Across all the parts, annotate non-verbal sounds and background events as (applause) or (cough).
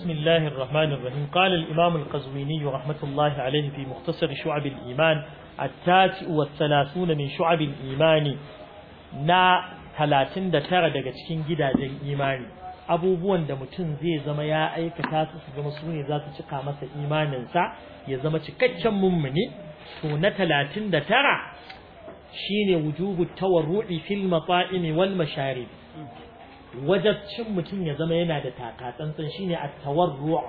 بسم الله الرحمن الرحيم قال الإمام القزويني رحمة الله عليه في مختصر شعب الإيمان التاسع والثلاثون من شعب الإيمان نا ثلاثين دا ترى دا imani abubuwan da mutum zai zama ya aikata su su zama sune za su cika masa imaninsa ya zama cikakken mummuni to na talatin da tara shine wujubu tawarru'i fil mata'imi wal masharib wajabcin mutum ya zama yana da takatsantsan shine at-tawarru'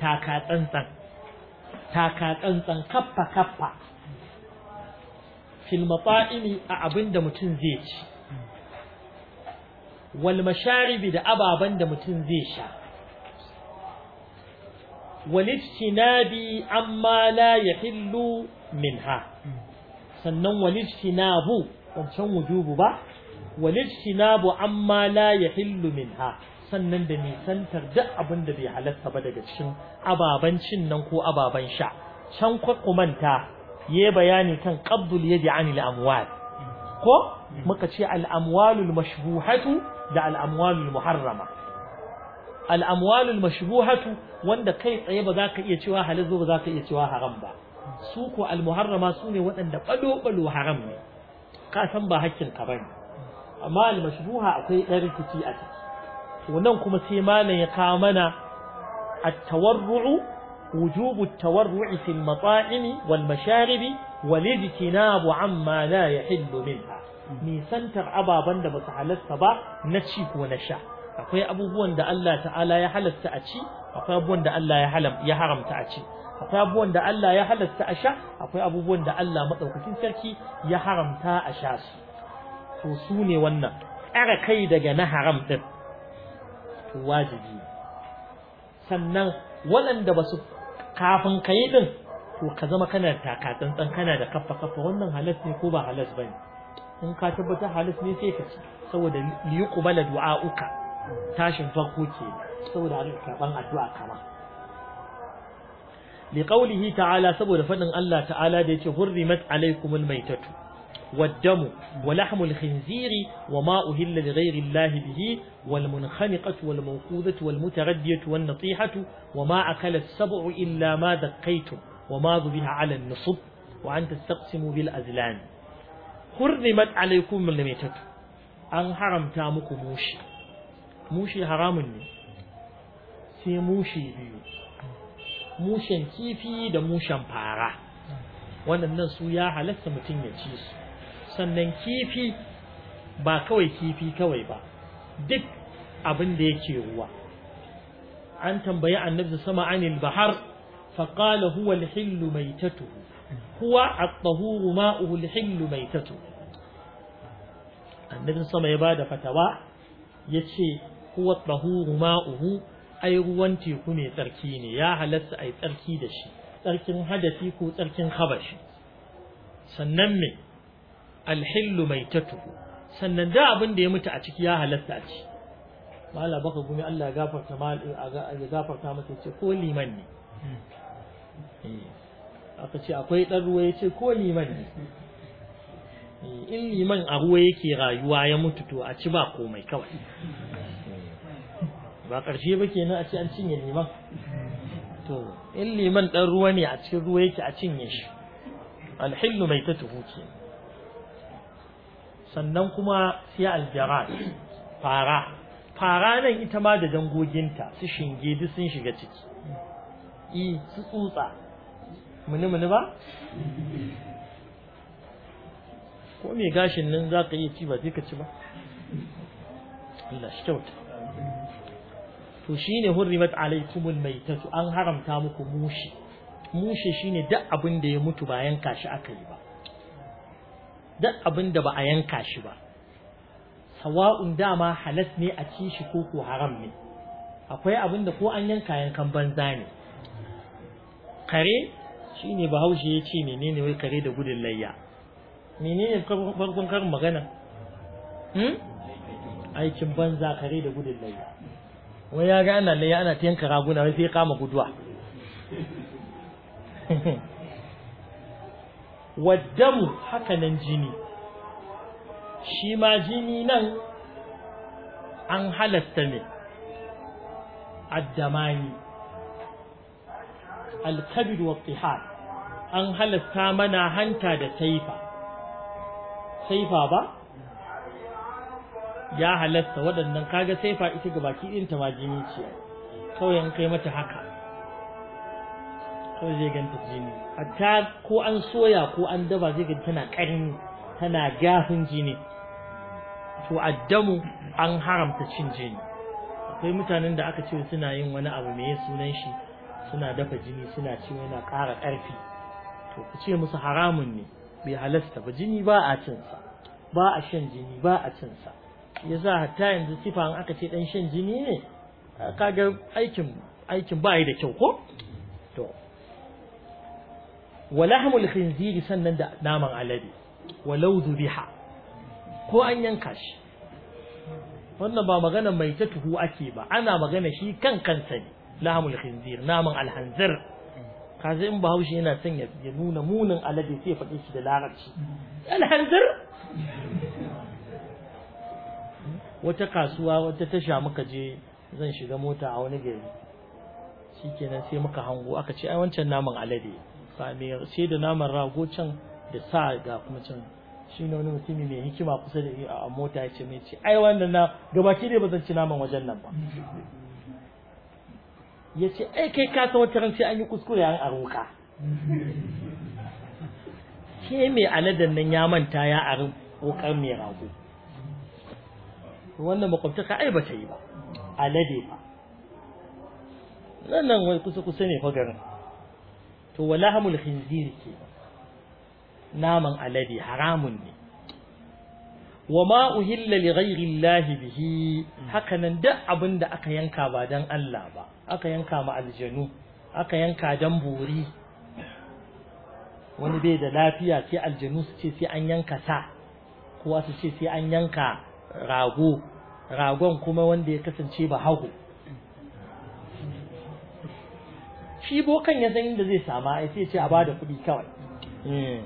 takatsantsan takatsantsan kaffa kaffa fil mata'imi a abinda mutum zai ci wal masharibi da ababan da mutum zai sha wal ijtinabi amma la yahillu minha sannan wal ijtinabu wancan wujubu ba walijtinabu amma la yahillu minha sannan da nisantar duk abin da bai halatta ba daga cikin ababan cin nan ko ababan sha can kwakumanta ya bayani kan qabdul yadi anil amwal ko muka ce al mashbuhatu da al muharrama al mashbuhatu wanda kai tsaye ba za ka iya cewa halal ba za ka iya cewa haram ba su ko sune su ne waɗanda balo haram ne ka san ba hakkin ka bane amma al-mashruha akwai ɗan rikici a ciki nan kuma sai malam ya kawo mana at-tawarru'u wujubu at-tawarru'i fil mata'imi wal masharibi wal ijtinabu amma la yahillu minha nisantar ababan da basu halasta ba na ci ko na sha akwai abubuwan da Allah ta'ala ya halasta a ci akwai abubuwan da Allah ya haramta a ci akwai abubuwan da Allah ya halasta a sha akwai abubuwan da Allah madaukakin sarki ya haramta a sha su to su ne wannan tsara kai daga na haram ɗin wajibi sannan waɗanda ba su kafin ka yi ɗin to ka zama kana taka tsantsan kana da kafa kafa wannan halas ne ko ba halas ba ne in ka tabbatar halas ne sai ka ci saboda liyu kubala uka tashin farko ke saboda karɓan addu'a kama لقوله تعالى سبب فدن الله تعالى ديتي حرمت عليكم الميتة والدم ولحم الخنزير وما أهل لغير الله به والمنخنقة والموقوذة والمتردية والنطيحة وما أكل السبع إلا ما ذقيتم وما ذبح على النصب وأن تستقسموا بالأزلان حرمت عليكم من الميتة أن حرم تامك موشي موشي حرام سي موشي بيو موشن كيفي دا موشن فارا wannan su ya halasta mutum ya ci su sannan kifi ba kawai kifi kawai ba duk abin da yake ruwa an tambayi annabi sama anil bahar faqala huwa al-hillu maitatuhu huwa at-tahuru ma'uhu al-hillu maitatuhu annabi sama ya bada fatawa yace huwa at-tahuru ma'uhu ai ruwan teku ne tsarki ne ya halatta ai tsarki da shi tsarkin hadafi ko tsarkin habashi sannan me alhillu mai maitatuhu sannan da abin da ya mutu a ciki ya halatta ci mala baka gumi Allah ya gafarta mal ya gafarta masa ce ko liman ne eh, aka ce akwai dan ruwa yace ko liman ne eh, in liman a ruwa yake rayuwa ya mutu to a ci ba komai kawai eh, ba ƙarshe ba kenan a ce an cinye liman to in liman dan ruwa ne a cikin ruwa yake a cinye shi alhillu mai maitatuhu kenan sannan kuma sai aljarar fara fara nan ita ma da dangoginta su shinge duk sun shiga ciki i su tsutsa muni muni ba ko me gashin nan za ka iya ci ba ka ci ba Allah shi kyauta to shine hurrimat alaikumul maitatu an haramta muku mushi mushi shine duk abin da ya mutu bayan kashi aka yi ba duk abin da ba a yanka shi ba sawa'un dama halas ne a ci shi ko ko haram ne akwai abin da ko an yanka yankan banza ne kare shine bahaushe ya ce menene wai kare da gudun layya menene farkon karin magana hmm? aikin banza kare da gudun layya wai ya ga ana layya ana ta yanka raguna wai sai ya kama guduwa (laughs) waddamu haka nan jini shi ma jini nan an halasta ne addamani alkabir wa an halasta mana hanta da saifa saifa ba ya halasta waɗannan kaga saifa ita ga baki ɗinta ma jini ce kawai an kai mata haka ko zai ganta jini hatta ko an soya ko an daba zai ganta tana ƙarin tana gafin jini to addamu an haramta cin jini akwai mutanen da aka ce suna yin wani abu mai sunan shi suna dafa jini suna ci yana ƙara ƙarfi to ku ce musu haramun ne bai halasta ba jini ba a cin sa ba a shan jini ba a cin sa yasa hatta yanzu sifa an aka ce dan shan jini ne kaga aikin aikin ba yi da kyau ko wa lahmul sannan da naman alade walau zubiha ko an yanka shi wannan ba magana mai ta tuhu ake ba ana magana shi kan kansa ne lahmul khinzir naman alhanzir kaza in bahaushe yana son ya nuna munin alade sai ya faɗi shi da larabci alhanzir wata kasuwa wata tasha muka je zan shiga mota a wani gari shikenan sai muka hango aka ce ai wancan naman alade sai da naman rago can da sa ga kuma can shi ne wani mutumi mai hikima kusa da a mota ya ce mai ce ai wannan na gabaki ne ba zan ci naman wajen nan ba ya ce ai kai ka san wata ran sai an yi kuskure an aruka ke mai aladan nan ya manta ya arin kokar mai rago wannan makwabtaka ai ba ta yi ba alade ba nan nan wai kusa kusa ne fa garin to walahamul khinzir ke naman alade haramun ne wa ma uhilla li ghayri llahi bihi mm. nan duk abin da aka yanka ba dan Allah ba aka yanka ma aljanu aka yanka dan buri wani bai da lafiya sai aljanu su ce sai an yanka sa kowa su ce sai an yanka rago ragon kuma wanda ya kasance ba hagu shi bokan ya san inda zai sama a sai ce a bada kuɗi kawai eh.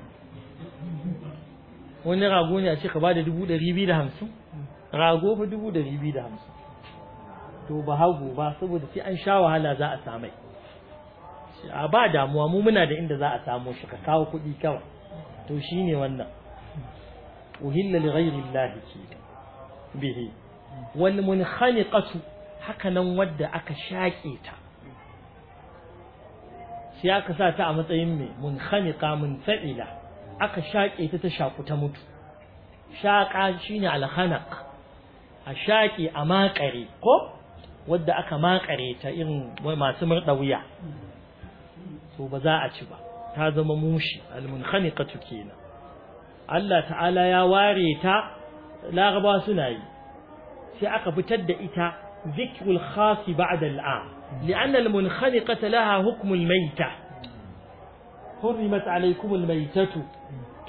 wani rago ne a ce ka bada dubu ɗari biyu da hamsin rago fa dubu ɗari biyu da hamsin to ba hagu ba saboda sai an sha wahala za a samai a ba damuwa mu muna da inda za a samu shi ka kawo kuɗi kawai to shi ne wannan uhilla li ghairi llahi bihi wal munkhaniqatu haka nan wadda aka shaƙe ta sai aka sa ta a matsayin mai mun munfa'ila aka shaƙe ta ta shaku ta mutu shaƙa shine alhanaq a shaƙe a makare ko wadda aka makare ta irin masu murɗa wuya to ba za a ci ba ta zama mushi almunkhaniqatu kenan Allah ta'ala ya ware ta laraba suna yi sai aka fitar da ita zikrul khasi ba'da al'am لأن المنخنقة لها حكم الميتة حرمت عليكم الميتة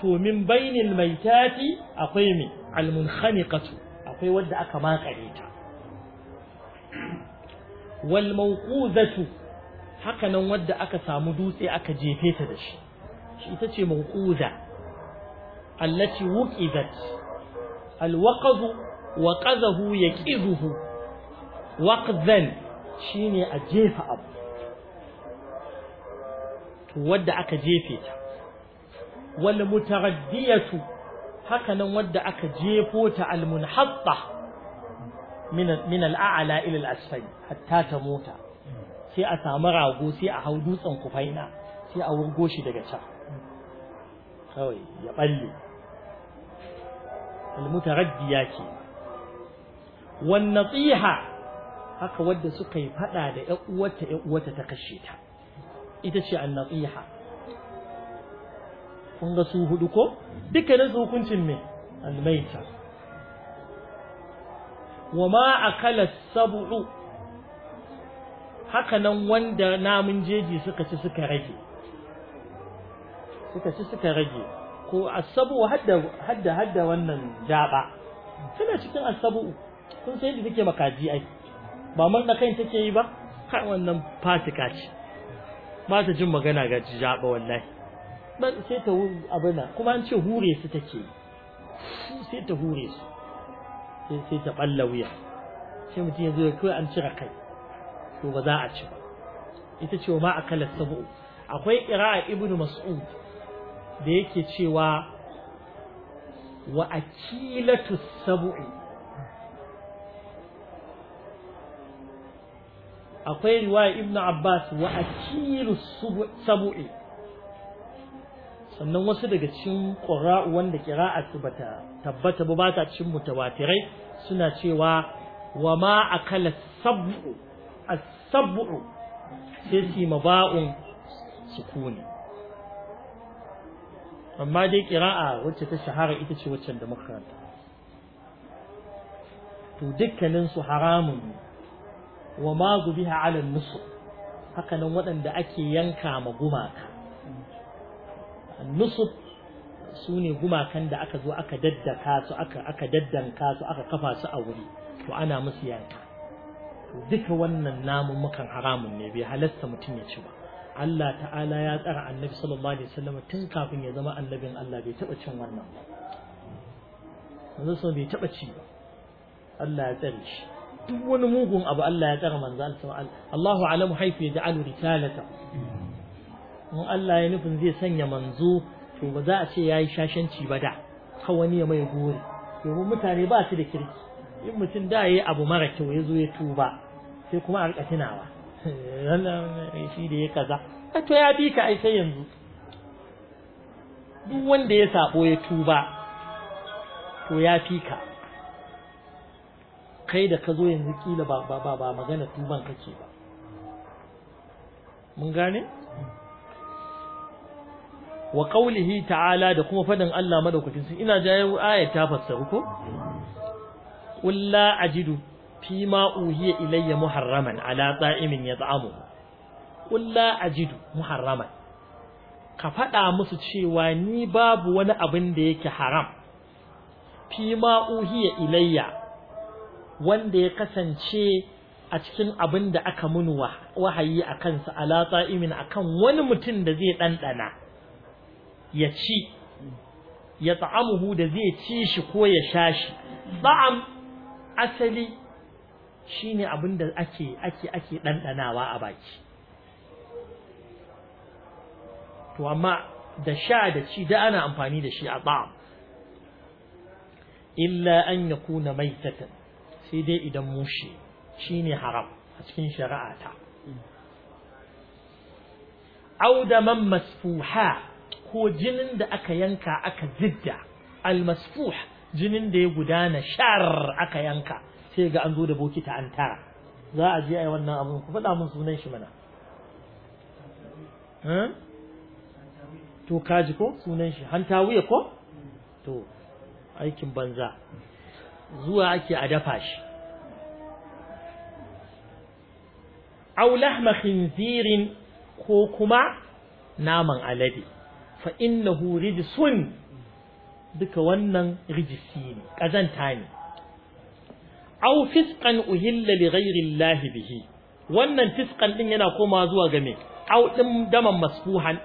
تو من بين الميتات أقيم المنخنقة أقيم ود أكما قريتا والموقوذة حقا ود أكا سامدوسي أكا جيفيتا دش تشي موقوذة التي وكذت الوقظ وقذه يكذه وقذا shine a jefa abu wadda aka jefe ta wal mutaraddiyatu hakanan wadda aka jefo ta almun munhatta min min al a'la hatta ta mota sai a samu rago sai a hau dutsen kufaina sai a wurgo shi daga can kawai ya balle al ce wan tsiha. haka wadda suka yi fada da ƴan uwarta ƴan uwarta ta kashe ta ita ce annasiha kun ga su hudu ko duka na su hukuncin me almaita wa ma akala sab'u haka nan wanda namun jeji suka ci suka rage suka ci suka rage ko asabu hadda hadda hadda wannan jaba suna cikin asabu kun san yadda suke makaji ai ba manna kai take yi ba kai wannan fasika ce ba ta jin magana ga jaba wallahi ba sai ta abuna kuma an ce hure su take yi sai ta hure su sai sai ta balla wuya sai mutum ya zo kai an cira kai to ba za a ci ba ita ce ma akala sabu akwai qira'a ibnu mas'ud da yake cewa wa akilatu sab'i akwai riwaya ibn abbas wa akilu sabu'i sannan wasu daga cikin qura'u wanda qira'atu bata tabbata ba bata cikin mutawatirai suna cewa wa ma akala sabu'u as sabuu sai si maba'un sukuni amma dai qira'a wacce ta shahara ita ce wacce da muka to dukkanin su haramun ne wa ma zubiha ala Nusu hakanan waɗanda ake yanka ma gumaka Nusu su ne gumakan da aka zo aka daddaka su aka aka daddanka su aka kafa su a wuri to ana musu yanka duka wannan namun mukan haramun ne bai halasta mutum ya ci ba Allah ta'ala ya tsara annabi sallallahu alaihi wasallam tun kafin ya zama annabin Allah bai taba cin wannan ba manzo bai taba ci ba Allah ya tsare shi duk wani mugun abu Allah ya tsara manzo Allah Allahu alamu haifi ya ja'alu risalata in Allah ya nufin zai sanya manzo to ba za a ce yayi shashanci ba da ka wani ya mai gore domin mutane ba su da kirki in mutum da yayi abu mara kyau ya zo ya tuba sai kuma a rika tunawa (laughs) shi da ya kaza to ya bi ka ai sai yanzu duk wanda ya sabo ya tuba to ya fi ka kai da ka zo yanzu kila ba ba magana tuban kake ba mun gane wa qawlihi ta'ala da kuma fadin Allah madaukakin sun ina jaye ayat ta fassaru ko Kulla ajidu fi ma uhiya ilayya muharraman ala ta'imin yat'amu Kulla ajidu muharraman ka fada musu cewa ni babu wani abin da yake haram fi ma uhiya ilayya wanda ya kasance a cikin abin da aka mun wahayi a kansa imin a akan wani mutum da zai ɗanɗana ya ci ya ta'amuhu da zai ci shi ko ya sha shi ba'am asali shi ne abin da ake ake ake ɗanɗanawa a baki to amma da sha da ci da ana amfani da shi a ba'am illa an yakuna maitatan sai dai idan mushi shine haram a cikin shari'a ta audaman masfuha ko jinin da aka yanka aka zidda al jinin da ya gudana shar aka yanka sai ga an zo da bokita an tara za a je ai wannan abun ku faɗa mun sunan shi mana to kaji ko sunan shi hantawiya ko to aikin banza zuwa ake a dafa shi aw khinzirin ko kuma naman alade fa innahu sun, duka wannan rijisi ne kazanta ne aw fisqan uhilla li bihi wannan fiskan ɗin yana komawa zuwa ga me ɗin daman masfuhan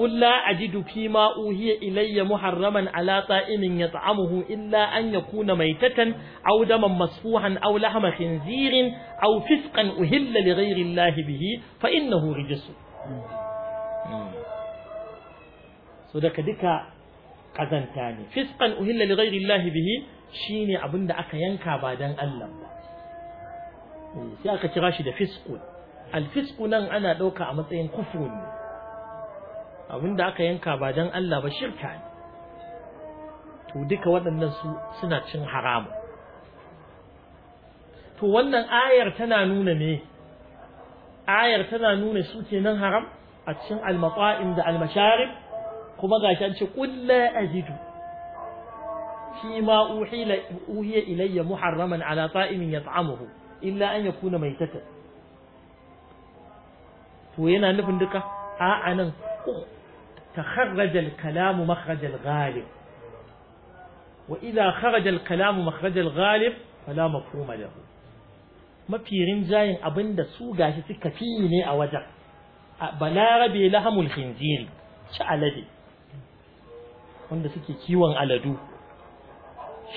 Ƙulla a ji dufi ma'uhiya ilayya muharraman alaƙa imin ya ta'amuhu illa an ya kuna mai tatan au daman masfuhan au lahama khinzirin au fiskan uhilla li ghairi lahi bihi fa inna huri jisu. So daga duka kazanta ne. Fiskan uhilla li ghairi lahi bihi shi ne abin aka yanka ba don Allah eh, Sai aka kira shi da fiskun. Alfiskunan ana ɗauka a matsayin kufuri ne. abinda aka yanka ba don Allah ba shirka ne to duka waɗannan su suna cin haramu to wannan ayar tana nuna ne. ayar tana nuna su nan haram a cikin almata'im da almasharib kuma shi an ce kulla a ajidu fi ma uhila uhiya ilayya muharraman ala ta'imin yat'amuhu illa an yakuna maitatan to yana nufin duka a'a nan تخرج الكلام مخرج الغالب وإذا خرج الكلام مخرج الغالب فلا مفهوم له mafi rinjayin abin da su gashi suka fi ne a wajen balarabe lahamul khinziri ci alade wanda suke kiwon aladu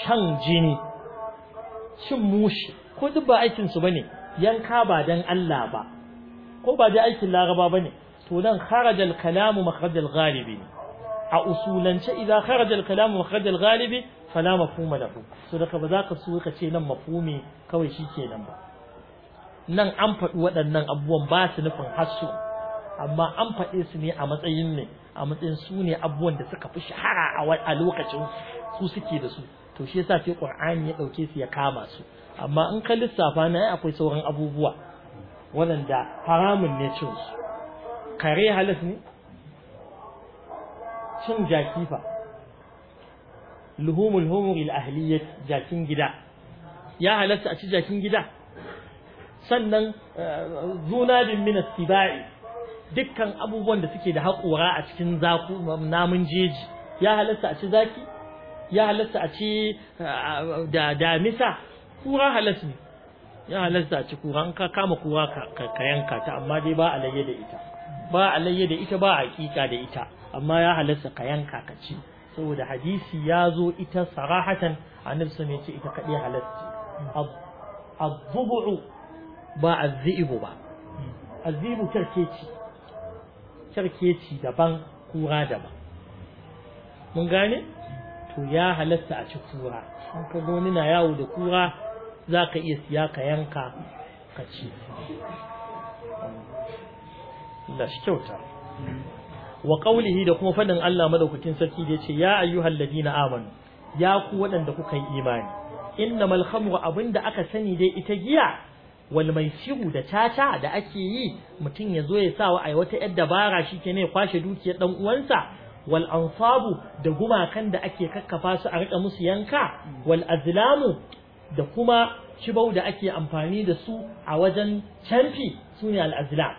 shan jini cin mushi ko duk ba aikinsu ba ne yanka ba don Allah ba ko ba da aikin laraba ba ne to nan kharajal kalamu makharajal ghalibi a usulance idan kharajal kalamu makharajal ghalibi fala mafhuma lahu so da ba za ka so ka ce nan mafhumi kawai shikenan ba nan an faɗi waɗannan abubuwan ba su nufin hasu amma an faɗe su ne a matsayin ne a matsayin su ne abubuwan da suka fi shahara a lokacin su suke da su to shi yasa sai qur'ani ya dauke su ya kama su amma in ka lissafa na akwai sauran abubuwa da haramun ne cin su kare halas ne cin jaki fa luhumul humuril ahliyyat jakin gida ya halasta a ci jakin gida sannan eh, zunabin min tibai dukkan abubuwan da suke da haƙura a cikin zaku namun jeji ya halasta a ci zaki ya halasta a ci eh, da damisa kura halas ne ya halasta a ci kura ka kama kura ka yanka ta amma dai ba a lage da ita ba alayya da ita ba hakika da ita amma ya halatta ka yanka ka ci saboda hadisi ya zo ita sarahatan annabi sun ce ita kadai halatta az-zubu ba az-zibu ba az-zibu karkeci karkeci daban kura daban mun gane to ya halatta a ci kura an ka wani na yawo da kura za ka iya siya ka yanka ka ci Allah shi kyauta wa da kuma fadin Allah madaukakin sarki da yace ya ayyuhal ladina amanu ya ku wadanda kuka yi imani innamal khamru abinda aka sani dai ita giya wal maisiru da caca da ake yi mutum ya zo ya sa wa ai wata yar dabara shikenan ya kwashe dukiyar dan uwansa wal ansabu da gumakan da ake kakkafa su a rika musu yanka wal azlamu da kuma cibau da ake amfani da su a wajen canfi sune al azlam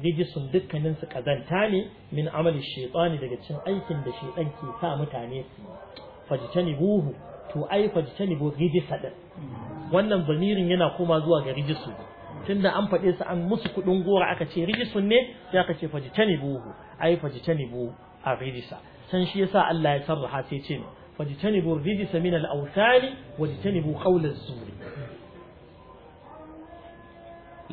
rijisun dukkaninsu kazanta ne min amali shaitani daga cin aikin da shaitan ke sa mutane su fajitani buhu to ai fajitani bu rijisa ɗin. wannan zamirin yana koma zuwa ga rijisu tunda an faɗe su an musu kuɗin gora aka ce rijisun ne ya ka ce fajitani buhu ai fajitani bu a rijisa san shi yasa Allah ya sarraha sai ce ne fajitani bu rijisa min al-awthani wajitani bu qawla zuri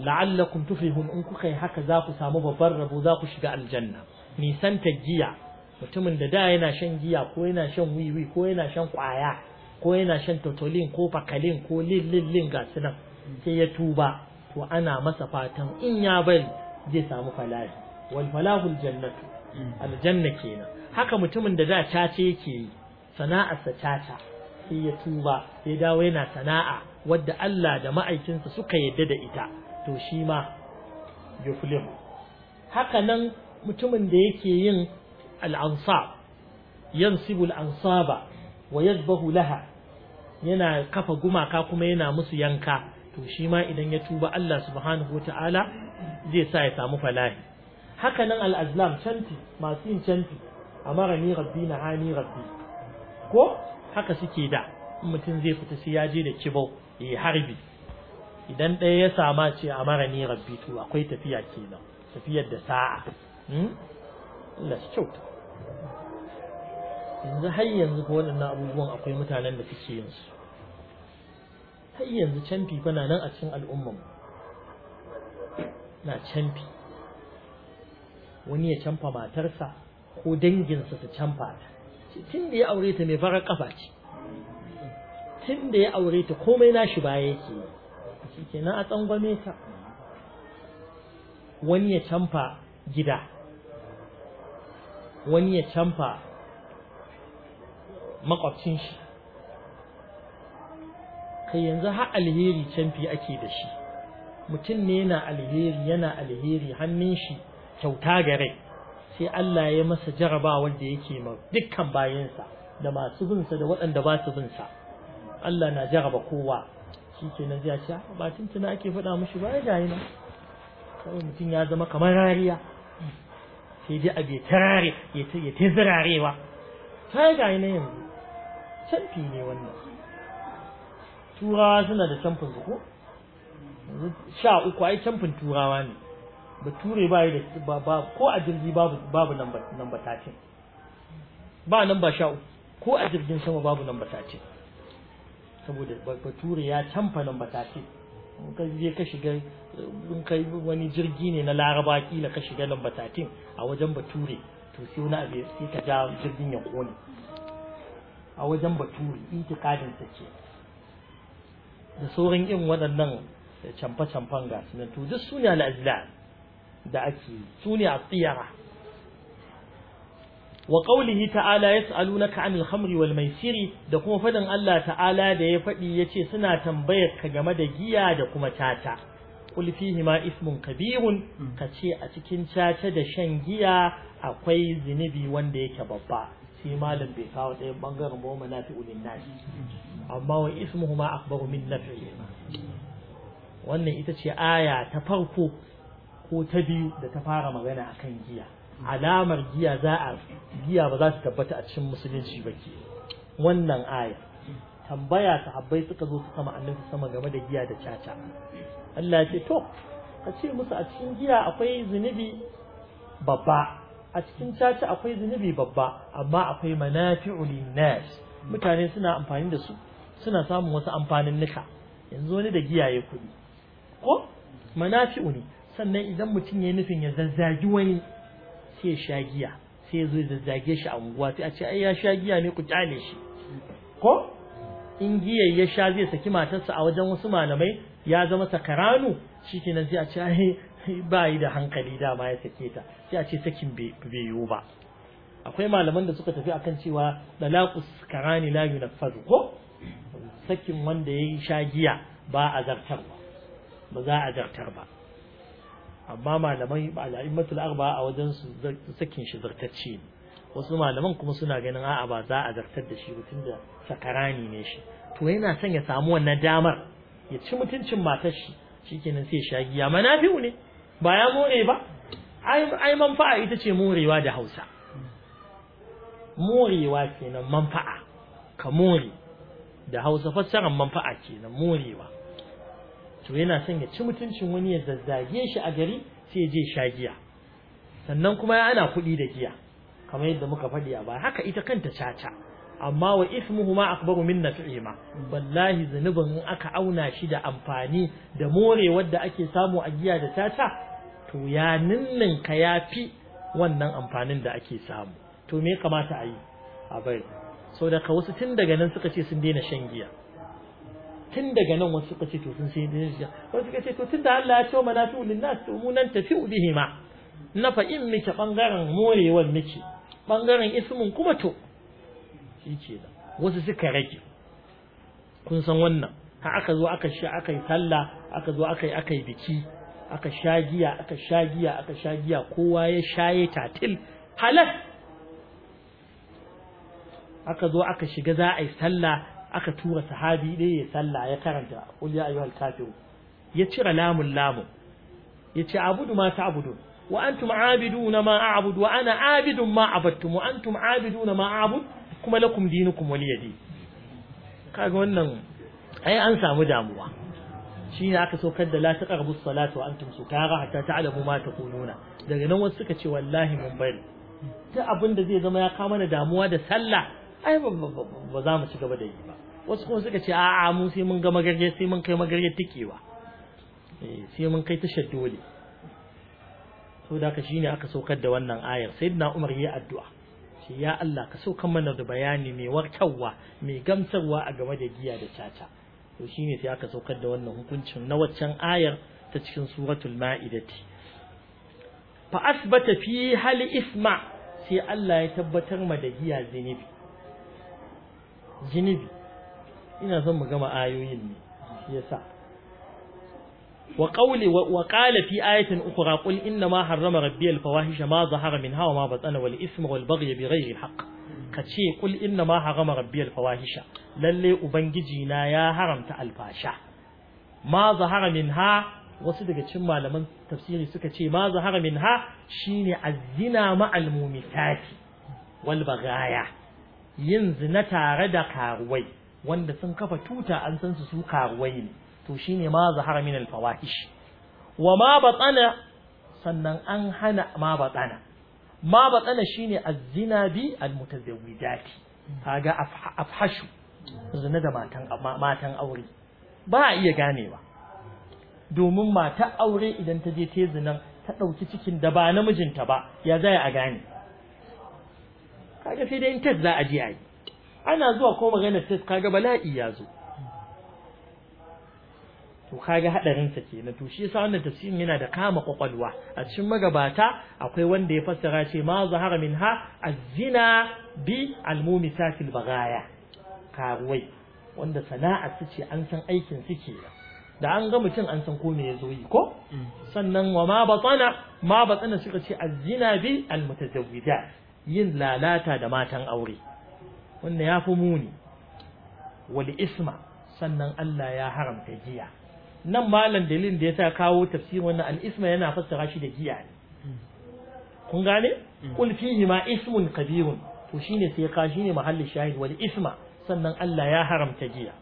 la'allakum tuflihun in kuka yi haka za ku samu babban rabo za ku shiga aljanna nisan ta giya mutumin da da yana shan giya ko yana shan wiwi ko yana shan kwaya ko yana shan totolin ko fakalin ko lin ga su nan sai ya tuba to ana masa fatan in ya bari zai samu falahi wal falahul jannatu aljanna kenan haka mutumin da da caca yake yi sana'arsa caca sai ya tuba sai dawo yana sana'a wadda Allah da ma'aikinsa suka yadda da ita to shi ma yuflim haka nan mutumin da yake yin al'ansa yansibu al'ansaba wa yadbahu laha yana kafa gumaka kuma yana musu yanka to shi ma idan ya tuba Allah subhanahu wata'ala zai sa ya samu falahi haka nan al'azlam canti masu yin canti a ni rabbi na hani rabbi ko haka suke da mutum zai fita sai ya je da kibau ya harbi idan ɗaya ya sama ce a mara ni rabbi tu akwai tafiya kenan tafiyar da sa'a hmm? Allah shi kyauta yanzu har yanzu ko waɗannan abubuwan akwai mutanen da suke yin su har yanzu can fifa na nan a cikin al'umman na fi wani ya canfa matarsa ko danginsa su canfa ta tun da ya aure ta mai farar kafa ce tun da ya aure ta komai nashi baya yake yi shi kenan a tsangwame ta wani ya canfa gida wani ya canfa makwabcin shi kai yanzu ha' alheri canfi ake da shi mutum ne yana alheri yana alheri hannun shi kyauta ga rai sai Allah ya masa jaraba wanda yake ma dukkan bayansa da masu binsa da waɗanda ba su binsa Allah na jaraba kowa shi ke ji a, ce ah, ba tuntuna ake faɗa mushi ba ya gayi nan kawai mutum ya zama kamar rariya sai dai abu ya tarare ya ta zirarewa ta ya gayi na yanzu canfi ne wannan turawa suna da canfin su ko sha uku ai canfin turawa ne ba ture ba yi da ba ko a jirgi babu babu namba namba 13 ba namba sha uku ko a jirgin sama babu namba 13 saboda bature ya canfa nan ce in ka je ka shiga in kai wani jirgi ne na laraba kila ka shiga nan batatin a wajen bature to sai wani abu sai ka ja jirgin ya kone a wajen bature itikadin ta ce da sauran irin waɗannan canfa-canfan gasu nan to duk su ne al'azla da ake su ne a tsiyara wa qawlihi ta'ala yas'alunaka 'anil khamri wal maisiri da kuma fadin Allah ta'ala da ya fadi yace suna tambayar ka game da giya da kuma tata qul fihi ma ismun kabirun mm. kace a cikin tata da shan giya akwai zinubi wanda yake babba sai malam bai kawo ɗayan bangaren ba nafi ulin nashi. amma wa ismuhu ma akbaru min naf'ihima wannan ita ce aya ta farko ko ta biyu da ta fara magana akan giya alamar giya za a giya ba za su tabbata a cikin musulunci ba ke wannan aya tambaya habbai suka zo su sama annabi sama game da giya da caca Allah ya ce to a ce musu a cikin giya akwai zunubi babba a cikin caca akwai zunubi babba amma akwai manafi'u linnas mutane suna amfani da su suna samun wasu amfanin nika yanzu wani da giya ya kuɗi ko manafi'u ne sannan idan mutum ya nufin ya zazzagi wani sai sha giya sai ya zo da zage shi a unguwa sai a ce ai ya sha giya ne ku kyale shi ko in giya ya sha zai saki matarsa a wajen wasu malamai ya zama sakaranu shikenan sai a ce ai ba yi da hankali dama ya sake ta sai a ce sakin bai yiwu ba akwai malaman da suka tafi akan cewa dalaqus karani la yunaffazu ko sakin wanda yayi sha giya ba a zartar ba ba za a zartar ba amma malamai al'immatul arba a wajen su sakin shi zartacce wasu malaman kuma suna ganin a'a ba za a zartar da shi mutum da sakarani ne shi to yana son ya samu wannan damar ya ci mutuncin matar shi shikenan sai sha giya manafi'u ne ba ya more ba ai manfa'a ita ce morewa da Hausa morewa kenan manfa'a ka more da Hausa fassarar manfa'a kenan morewa to yana son ya ci mutuncin wani ya zazzage shi a gari sai ya je sha giya sannan kuma ya ana kuɗi da giya kamar yadda muka faɗi a baya haka ita kanta caca amma wa ismuhu ma akbaru min naf'ima wallahi zunubin in aka auna shi da amfani da more wadda ake samu a giya da caca to ya ninninka ya fi wannan amfanin da ake samu to me kamata a yi a bai, sau daga ka wasu tun daga nan suka ce sun daina shan giya tun daga nan wasu suka ce to sun sai dinjiya wasu suka ce to tun da Allah ya ce mana fi ulil nas to mu nan tafi bihima na fa in miki bangaren morewar miki bangaren ismun kuma to shi ke da wasu suka rage kun san wannan ha aka zo aka shi aka yi sallah aka zo aka yi aka yi biki aka sha giya aka sha giya aka sha giya kowa ya shaye tatil halal aka zo aka shiga za a yi sallah aka tura sahabi ɗaya ya sallah ya karanta qul ya ayyuhal kafirun ya cire lamun lamun ya ce abudu ma ta'budun wa antum aabiduna ma a'bud wa ana aabidun ma abattum wa antum aabiduna ma a'bud kuma lakum dinukum waliya din kaga wannan ai an samu damuwa shine aka saukar da la taqrabu as-salata wa antum sukara hatta ta'lamu ma taquluna daga nan wasu suka ce wallahi mun bari ta abin da zai zama ya kawo mana damuwa da sallah ai ba za mu ci gaba da yi ba wasu kuma suka ce a'a mu sai mun ga magarje sai mun kai magarje tikewa eh, sai mun kai tashar dole to da ka shine aka saukar da wannan ayar sayyidina Umar ya addu'a shi ya Allah ka saukar mana da bayani mai warkarwa mai gamsarwa a game da giya da caca to shine sai aka saukar da wannan hukuncin na waccan ayar ta cikin suratul ma'idati fa asbata fi hal isma sai Allah ya tabbatar ma da giya zinibi zunubi ina son mu gama ayoyin ne yasa wa qawli wa qala fi ayatin ukhra qul inna ma harrama rabbi al fawahisha ma zahara minha wa ma batana wal isma wal baghy bi ghairi haqq kace qul inna ma harrama rabbi al fawahisha lalle ubangiji na ya haramta al fasha ma zahara minha wasu daga cikin malaman tafsiri suka ce ma zahara minha shine azzina ma al mumitati wal yin zina tare da karuwai wanda sun kafa tuta an san su su karuwai ne to shine ma zahara min al-fawahish wa ma batsana sannan an hana ma batsana ma batsana shine az-zina bi al-mutazawwijati kaga afhashu zina da matan matan aure ba a iya ganewa domin mata aure idan ta je ta zina ta dauki cikin da ba namijinta ba ya zai a gane kaga sai dai in za a je a yi ana zuwa ko magana test kaga bala'i ya zo to kaga hadarin sa kenan to shi yasa wannan tafsirin yana da kama kwakwalwa a cikin magabata akwai wanda ya fassara ce ma zahara Min az-zina bi al-mumisati karuwai wanda sana'a su ce an san aikin su ke da an ga mutum an san ko me yazo yi ko mm. sannan wa ma batana ma batana suka ce az-zina bi al yin lalata da matan aure wanda ya fi muni wali isma sannan Allah ya haramta giya nan malam dalilin da ya sa kawo tafsirin wannan al isma yana fassara shi da giya ne kun gane mm. qul fihi ma ismun kabirun to shine sai ka shine mahallin shahid wal isma sannan Allah ya haramta giya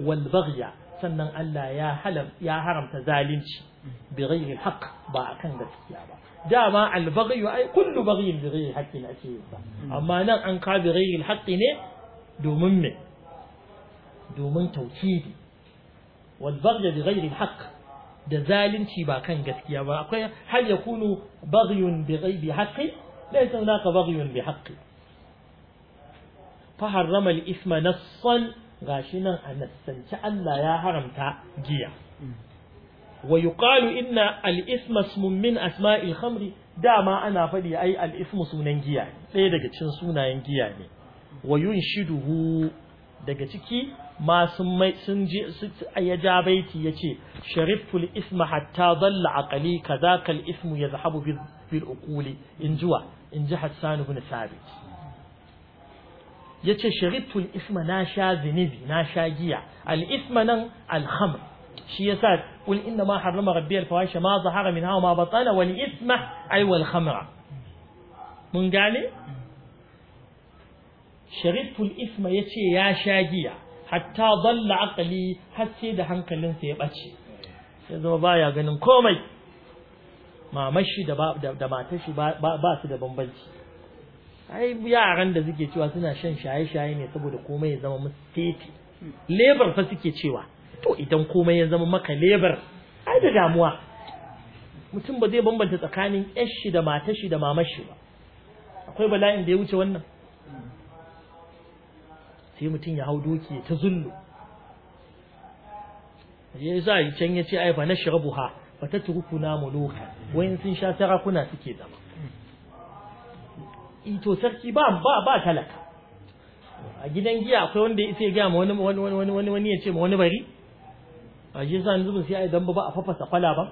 wal baghya sannan Allah ya halam ya haramta zalunci mm. bi ghairi haqq ba akan gaskiya ba دام البغي أي كل بغي بغير حق الأشياء أما نان أنك بغير الحق نه دومن من والبغي بغير الحق دزال شبا كان جسكي هل يكون بغي بغير بحق ليس هناك بغي بحق فحرم الإسم نصا غاشنا أن السنشأ لا يحرم تاجيا wa yuqalu inna al-isma ismun min asma'il khamri dama ana faɗi ai al-ismu sunan giya ɗaya daga cikin sunayen giya ne wa yunshiduhu daga ciki ma sun mai sun je ya ja baiti yace shariful isma hatta dalla aqli kadhaka al-ismu yazhabu bil uquli in ji Hassan ibn Sabit yace shariful isma na sha zinibi na sha giya al nan al-khamr shi yasa قل إنما حرم ربي الفواحش ما ظهر منها وما بطن والإثم أي والخمر من قال شربت الإثم يتي يا شاجية حتى ضل عقلي حتى ده هنكلن سيبتشي يزو بايا غنن كومي ما مشي da da matar shi ba su da bambanci ai yaran da suke cewa suna shan shaye-shaye ne saboda komai ya zama musu tete lebar fa suke cewa to idan komai ya zama maka lebar ai da damuwa mutum ba zai bambanta tsakanin ƴar shi da matar shi da mamar shi ba akwai bala'in da ya wuce wannan sai mutum ya hau doki ta zullu ya sa yi can ya ce ai ba na shirabu ha ba ta turuku na muluka wayan sun sha sarakuna suke zama ito sarki ba ba ba talaka a gidan giya akwai wanda ya ce gaya ma wani wani wani wani wani ya ce ma wani bari ba shi yasa zubin sai ai damba ba a fafasa kwala ba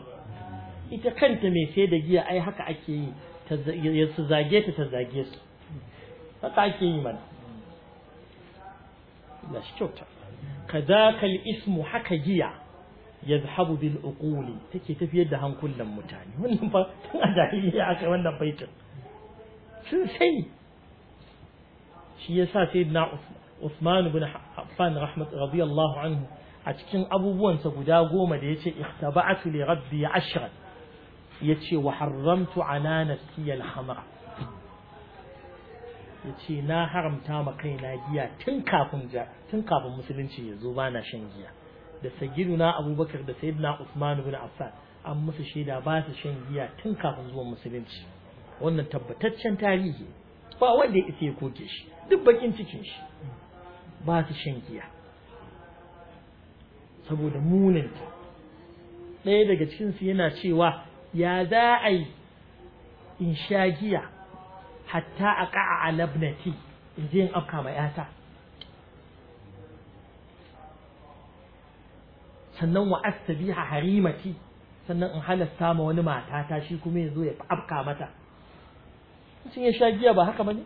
ita kanta mai sai da giya ai haka ake yi su zage ta ta zage su haka ake yi mana la shi kyauta kadaka ismu haka giya yazhabu bil uquli take tafiyar da hankulan mutane wannan fa tun a jahiliya aka wannan baitin sun sani shi yasa sayyidina Usman ibn Affan rahmat radiyallahu anhu a cikin abubuwansa guda goma da yace ikhtaba'tu li rabbi ya yace wa harramtu ala nafsi al Ya yace na haramta ma kaina giya tun kafin tun kafin musulunci ya zo bana shan giya da sayyiduna abubakar da sayyidina usman ibn affan an musu shaida ba su shan giya tun kafin zuwan musulunci wannan tabbataccen tarihi ba wanda ya isa ya koke shi duk bakin cikin shi ba su shan giya saboda munanta ɗaya daga cikinsu yana cewa ya za a yi in sha giya hatta a ƙa'a a labnati in je in afka ma yata sannan wa astabiha harimati sannan in halasta ma wani matata shi kuma ya zo ya afka mata mutum ya sha giya ba haka ba ne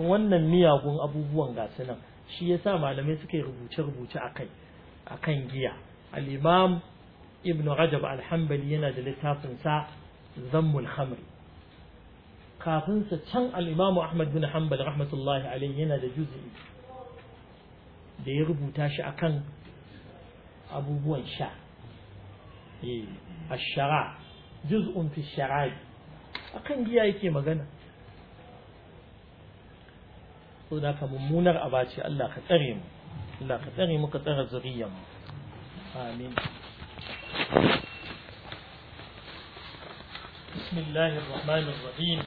wannan miyagun abubuwan gasu nan shi yasa malamai suka yi rubuce-rubuce a akan giya Alimam ibn rajab al yana da littafin sa zammul khamri kafin sa can Alimamu ahmad bin hanbal rahmatullahi alayhi yana da juz'i da ya rubuta shi akan abubuwan sha eh, A shara juz'un fi sharai akan giya yake magana so da ka mummunar a ce Allah ka tsare mu Allah ka tsare mu ka tsare zuriyar amin بسم الله الرحمن الرحيم